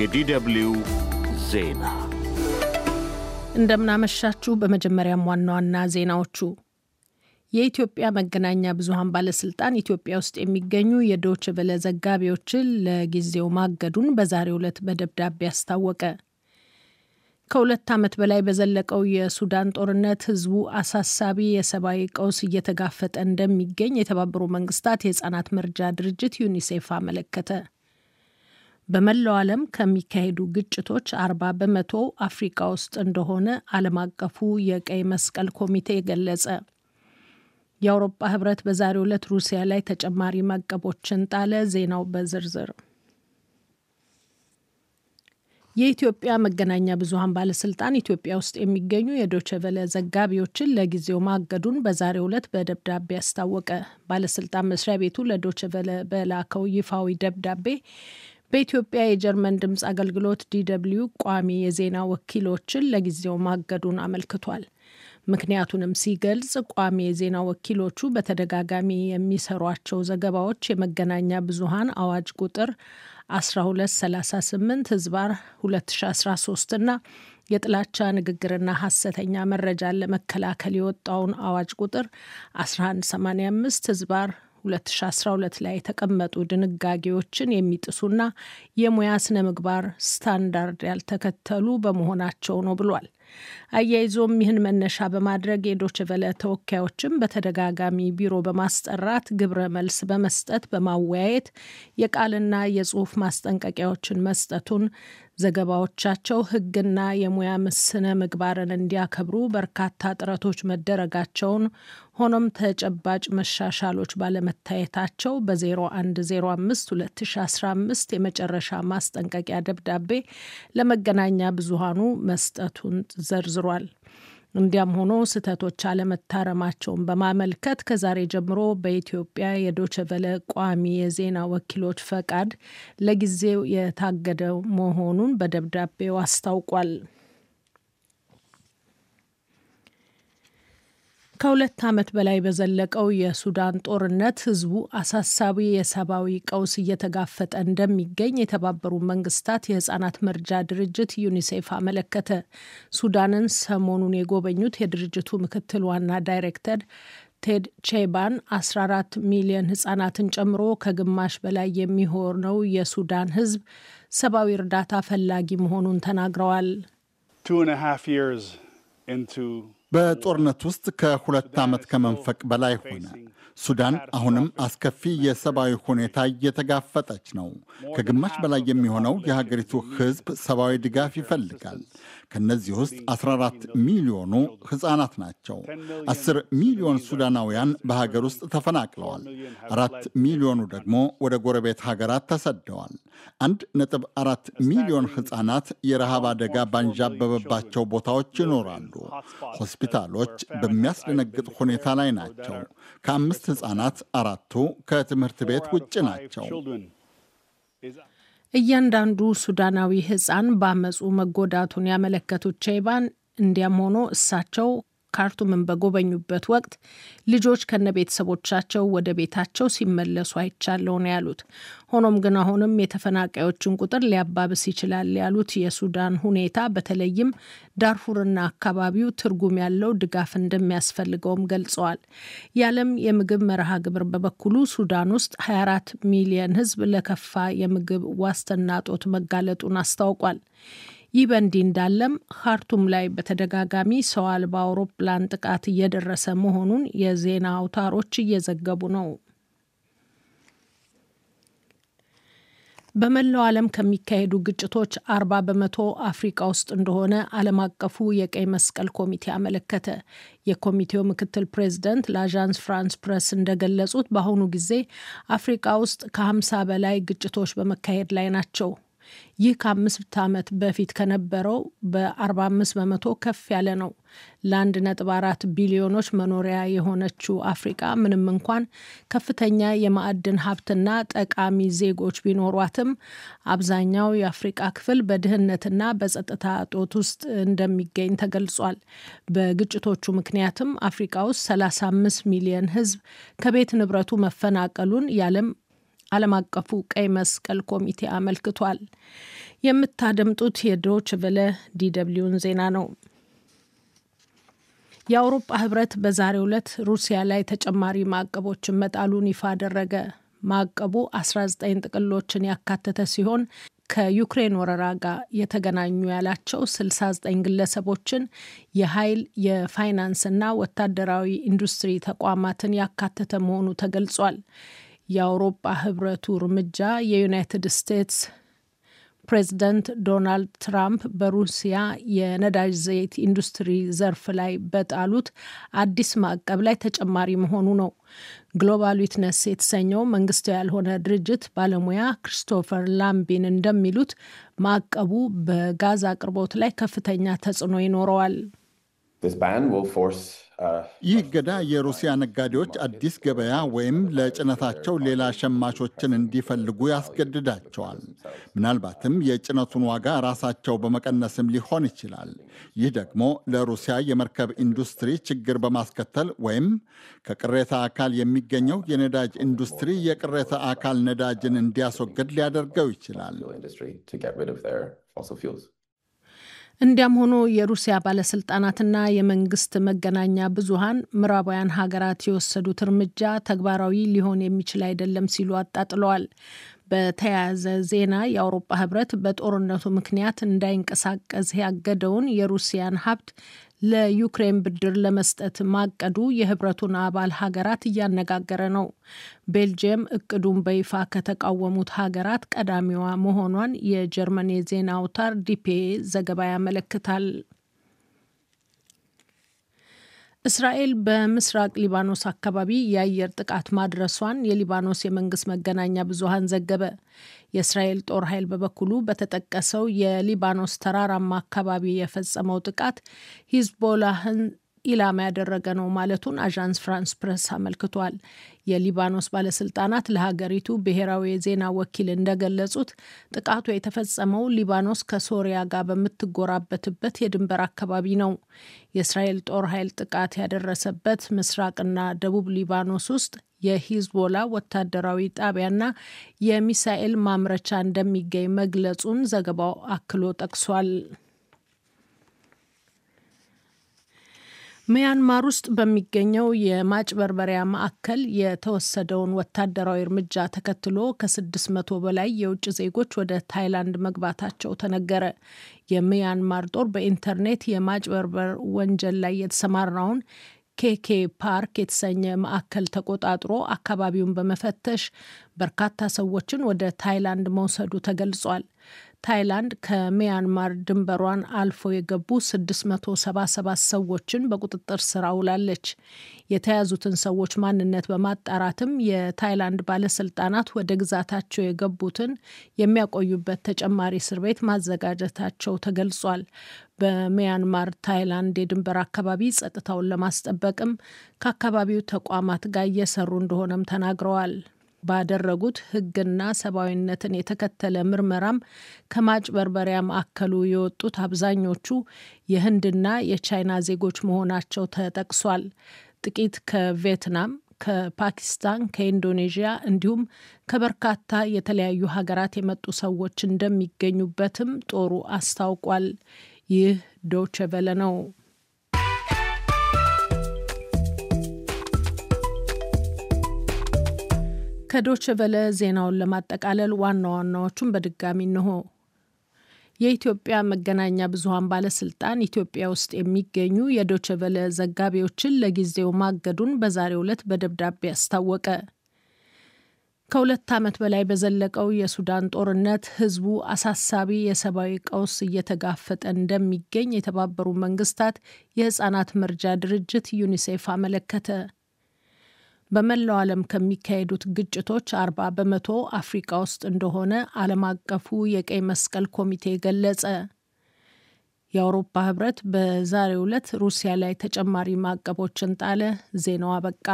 የዲደብሊው ዜና እንደምናመሻችሁ። በመጀመሪያም ዋና ዋና ዜናዎቹ የኢትዮጵያ መገናኛ ብዙሀን ባለስልጣን ኢትዮጵያ ውስጥ የሚገኙ የዶች ቨለ ዘጋቢዎችን ለጊዜው ማገዱን በዛሬው ዕለት በደብዳቤ አስታወቀ። ከሁለት ዓመት በላይ በዘለቀው የሱዳን ጦርነት ህዝቡ አሳሳቢ የሰብአዊ ቀውስ እየተጋፈጠ እንደሚገኝ የተባበሩ መንግስታት የህጻናት መርጃ ድርጅት ዩኒሴፍ አመለከተ። በመላው ዓለም ከሚካሄዱ ግጭቶች አርባ በመቶ አፍሪካ ውስጥ እንደሆነ ዓለም አቀፉ የቀይ መስቀል ኮሚቴ ገለጸ። የአውሮፓ ህብረት በዛሬው ዕለት ሩሲያ ላይ ተጨማሪ ማዕቀቦችን ጣለ። ዜናው በዝርዝር የኢትዮጵያ መገናኛ ብዙኃን ባለስልጣን ኢትዮጵያ ውስጥ የሚገኙ የዶቸቨለ ዘጋቢዎችን ለጊዜው ማገዱን በዛሬው ዕለት በደብዳቤ አስታወቀ። ባለስልጣን መስሪያ ቤቱ ለዶቸቨለ በላከው ይፋዊ ደብዳቤ በኢትዮጵያ የጀርመን ድምፅ አገልግሎት ዲደብልዩ ቋሚ የዜና ወኪሎችን ለጊዜው ማገዱን አመልክቷል። ምክንያቱንም ሲገልጽ ቋሚ የዜና ወኪሎቹ በተደጋጋሚ የሚሰሯቸው ዘገባዎች የመገናኛ ብዙሃን አዋጅ ቁጥር 1238 ህዝባር 2013 እና የጥላቻ ንግግርና ሐሰተኛ መረጃን ለመከላከል የወጣውን አዋጅ ቁጥር 1185 ህዝባር 2012 ላይ የተቀመጡ ድንጋጌዎችን የሚጥሱና የሙያ ስነ ምግባር ስታንዳርድ ያልተከተሉ በመሆናቸው ነው ብሏል። አያይዞም ይህን መነሻ በማድረግ የዶች ቨለ ተወካዮችም በተደጋጋሚ ቢሮ በማስጠራት ግብረ መልስ በመስጠት በማወያየት የቃልና የጽሁፍ ማስጠንቀቂያዎችን መስጠቱን ዘገባዎቻቸው ህግና የሙያ ስነ ምግባርን እንዲያከብሩ በርካታ ጥረቶች መደረጋቸውን ሆኖም ተጨባጭ መሻሻሎች ባለመታየታቸው በ0105 2015 የመጨረሻ ማስጠንቀቂያ ደብዳቤ ለመገናኛ ብዙሃኑ መስጠቱን ዘርዝሮ ዘርዝሯል። እንዲያም ሆኖ ስህተቶች አለመታረማቸውን በማመልከት ከዛሬ ጀምሮ በኢትዮጵያ የዶቸቨለ ቋሚ የዜና ወኪሎች ፈቃድ ለጊዜው የታገደ መሆኑን በደብዳቤው አስታውቋል። ከሁለት ዓመት በላይ በዘለቀው የሱዳን ጦርነት ህዝቡ አሳሳቢ የሰብአዊ ቀውስ እየተጋፈጠ እንደሚገኝ የተባበሩት መንግስታት የህጻናት መርጃ ድርጅት ዩኒሴፍ አመለከተ። ሱዳንን ሰሞኑን የጎበኙት የድርጅቱ ምክትል ዋና ዳይሬክተር ቴድ ቼባን 14 ሚሊዮን ህጻናትን ጨምሮ ከግማሽ በላይ የሚሆነው የሱዳን ህዝብ ሰብአዊ እርዳታ ፈላጊ መሆኑን ተናግረዋል። በጦርነት ውስጥ ከሁለት ዓመት ከመንፈቅ በላይ ሆነ። ሱዳን አሁንም አስከፊ የሰብአዊ ሁኔታ እየተጋፈጠች ነው። ከግማሽ በላይ የሚሆነው የሀገሪቱ ሕዝብ ሰብአዊ ድጋፍ ይፈልጋል። ከነዚህ ውስጥ 14 ሚሊዮኑ ሕፃናት ናቸው። 10 ሚሊዮን ሱዳናውያን በሀገር ውስጥ ተፈናቅለዋል። አራት ሚሊዮኑ ደግሞ ወደ ጎረቤት ሀገራት ተሰደዋል። አንድ ነጥብ አራት ሚሊዮን ሕፃናት የረሃብ አደጋ ባንዣበበባቸው ቦታዎች ይኖራሉ። ሆስፒታሎች በሚያስደነግጥ ሁኔታ ላይ ናቸው። ከአምስት ከስድስት ህጻናት አራቱ ከትምህርት ቤት ውጭ ናቸው። እያንዳንዱ ሱዳናዊ ህፃን በአመፁ መጎዳቱን ያመለከቱት ቼይባን እንዲያም ሆኖ እሳቸው ካርቱምን በጎበኙበት ወቅት ልጆች ከነ ቤተሰቦቻቸው ወደ ቤታቸው ሲመለሱ አይቻለው ነው ያሉት። ሆኖም ግን አሁንም የተፈናቃዮችን ቁጥር ሊያባብስ ይችላል ያሉት የሱዳን ሁኔታ በተለይም ዳርፉርና አካባቢው ትርጉም ያለው ድጋፍ እንደሚያስፈልገውም ገልጸዋል። የዓለም የምግብ መርሃ ግብር በበኩሉ ሱዳን ውስጥ 24 ሚሊየን ሕዝብ ለከፋ የምግብ ዋስትና ጦት መጋለጡን አስታውቋል። ይህ በእንዲህ እንዳለም ካርቱም ላይ በተደጋጋሚ ሰው አልባ አውሮፕላን ጥቃት እየደረሰ መሆኑን የዜና አውታሮች እየዘገቡ ነው። በመላው ዓለም ከሚካሄዱ ግጭቶች አርባ በመቶ አፍሪቃ ውስጥ እንደሆነ ዓለም አቀፉ የቀይ መስቀል ኮሚቴ አመለከተ። የኮሚቴው ምክትል ፕሬዚደንት ለአዣንስ ፍራንስ ፕረስ እንደገለጹት በአሁኑ ጊዜ አፍሪቃ ውስጥ ከ50 በላይ ግጭቶች በመካሄድ ላይ ናቸው። ይህ ከአምስት ዓመት በፊት ከነበረው በ45 በመቶ ከፍ ያለ ነው። ለአንድ ነጥብ አራት ቢሊዮኖች መኖሪያ የሆነችው አፍሪቃ ምንም እንኳን ከፍተኛ የማዕድን ሀብትና ጠቃሚ ዜጎች ቢኖሯትም አብዛኛው የአፍሪቃ ክፍል በድህነትና በጸጥታ እጦት ውስጥ እንደሚገኝ ተገልጿል። በግጭቶቹ ምክንያትም አፍሪቃ ውስጥ 35 ሚሊዮን ሕዝብ ከቤት ንብረቱ መፈናቀሉን የዓለም ዓለም አቀፉ ቀይ መስቀል ኮሚቴ አመልክቷል። የምታደምጡት የዶች ቨለ ዲደብሊውን ዜና ነው። የአውሮፓ ህብረት በዛሬው ዕለት ሩሲያ ላይ ተጨማሪ ማዕቀቦችን መጣሉን ይፋ አደረገ። ማዕቀቡ 19 ጥቅሎችን ያካተተ ሲሆን ከዩክሬን ወረራ ጋር የተገናኙ ያላቸው 69 ግለሰቦችን የኃይል የፋይናንስና ወታደራዊ ኢንዱስትሪ ተቋማትን ያካተተ መሆኑ ተገልጿል። የአውሮፓ ህብረቱ እርምጃ የዩናይትድ ስቴትስ ፕሬዚደንት ዶናልድ ትራምፕ በሩሲያ የነዳጅ ዘይት ኢንዱስትሪ ዘርፍ ላይ በጣሉት አዲስ ማዕቀብ ላይ ተጨማሪ መሆኑ ነው። ግሎባል ዊትነስ የተሰኘው መንግስታዊ ያልሆነ ድርጅት ባለሙያ ክሪስቶፈር ላምቢን እንደሚሉት ማዕቀቡ በጋዝ አቅርቦት ላይ ከፍተኛ ተጽዕኖ ይኖረዋል። Uh, ይህ እገዳ የሩሲያ ነጋዴዎች አዲስ ገበያ ወይም ለጭነታቸው ሌላ ሸማቾችን እንዲፈልጉ ያስገድዳቸዋል። ምናልባትም የጭነቱን ዋጋ ራሳቸው በመቀነስም ሊሆን ይችላል። ይህ ደግሞ ለሩሲያ የመርከብ ኢንዱስትሪ ችግር በማስከተል ወይም ከቅሬታ አካል የሚገኘው የነዳጅ ኢንዱስትሪ የቅሬታ አካል ነዳጅን እንዲያስወግድ ሊያደርገው ይችላል። እንዲያም ሆኖ የሩሲያ ባለስልጣናትና የመንግስት መገናኛ ብዙሃን ምዕራባውያን ሀገራት የወሰዱት እርምጃ ተግባራዊ ሊሆን የሚችል አይደለም ሲሉ አጣጥለዋል። በተያያዘ ዜና የአውሮፓ ህብረት በጦርነቱ ምክንያት እንዳይንቀሳቀስ ያገደውን የሩሲያን ሀብት ለዩክሬን ብድር ለመስጠት ማቀዱ የህብረቱን አባል ሀገራት እያነጋገረ ነው። ቤልጅየም እቅዱን በይፋ ከተቃወሙት ሀገራት ቀዳሚዋ መሆኗን የጀርመን የዜና አውታር ዲፒኤ ዘገባ ያመለክታል። እስራኤል በምስራቅ ሊባኖስ አካባቢ የአየር ጥቃት ማድረሷን የሊባኖስ የመንግስት መገናኛ ብዙሃን ዘገበ። የእስራኤል ጦር ኃይል በበኩሉ በተጠቀሰው የሊባኖስ ተራራማ አካባቢ የፈጸመው ጥቃት ሂዝቦላህን ኢላማ ያደረገ ነው ማለቱን አዣንስ ፍራንስ ፕረስ አመልክቷል። የሊባኖስ ባለስልጣናት ለሀገሪቱ ብሔራዊ የዜና ወኪል እንደገለጹት ጥቃቱ የተፈጸመው ሊባኖስ ከሶሪያ ጋር በምትጎራበትበት የድንበር አካባቢ ነው። የእስራኤል ጦር ኃይል ጥቃት ያደረሰበት ምስራቅና ደቡብ ሊባኖስ ውስጥ የሂዝቦላ ወታደራዊ ጣቢያና የሚሳኤል ማምረቻ እንደሚገኝ መግለጹን ዘገባው አክሎ ጠቅሷል። ሚያንማር ውስጥ በሚገኘው የማጭበርበሪያ ማዕከል የተወሰደውን ወታደራዊ እርምጃ ተከትሎ ከ600 በላይ የውጭ ዜጎች ወደ ታይላንድ መግባታቸው ተነገረ። የሚያንማር ጦር በኢንተርኔት የማጭበርበር ወንጀል ላይ የተሰማራውን ኬኬ ፓርክ የተሰኘ ማዕከል ተቆጣጥሮ አካባቢውን በመፈተሽ በርካታ ሰዎችን ወደ ታይላንድ መውሰዱ ተገልጿል። ታይላንድ ከሚያንማር ድንበሯን አልፎ የገቡ 677 ሰዎችን በቁጥጥር ስር አውላለች። የተያዙትን ሰዎች ማንነት በማጣራትም የታይላንድ ባለስልጣናት ወደ ግዛታቸው የገቡትን የሚያቆዩበት ተጨማሪ እስር ቤት ማዘጋጀታቸው ተገልጿል። በሚያንማር ታይላንድ የድንበር አካባቢ ጸጥታውን ለማስጠበቅም ከአካባቢው ተቋማት ጋር እየሰሩ እንደሆነም ተናግረዋል። ባደረጉት ሕግና ሰብአዊነትን የተከተለ ምርመራም ከማጭበርበሪያ ማዕከሉ የወጡት አብዛኞቹ የህንድና የቻይና ዜጎች መሆናቸው ተጠቅሷል። ጥቂት ከቪየትናም፣ ከፓኪስታን፣ ከኢንዶኔዥያ እንዲሁም ከበርካታ የተለያዩ ሀገራት የመጡ ሰዎች እንደሚገኙበትም ጦሩ አስታውቋል። ይህ ዶቼ ቬለ ነው። ከዶች ቨለ ዜናውን ለማጠቃለል ዋና ዋናዎቹን በድጋሚ እንሆ። የኢትዮጵያ መገናኛ ብዙኃን ባለስልጣን ኢትዮጵያ ውስጥ የሚገኙ የዶች ቨለ ዘጋቢዎችን ለጊዜው ማገዱን በዛሬው ዕለት በደብዳቤ አስታወቀ። ከሁለት ዓመት በላይ በዘለቀው የሱዳን ጦርነት ህዝቡ አሳሳቢ የሰብአዊ ቀውስ እየተጋፈጠ እንደሚገኝ የተባበሩት መንግስታት የህጻናት መርጃ ድርጅት ዩኒሴፍ አመለከተ። በመላው ዓለም ከሚካሄዱት ግጭቶች አርባ በመቶ አፍሪቃ ውስጥ እንደሆነ ዓለም አቀፉ የቀይ መስቀል ኮሚቴ ገለጸ። የአውሮፓ ህብረት በዛሬው ዕለት ሩሲያ ላይ ተጨማሪ ማዕቀቦችን ጣለ። ዜናው አበቃ።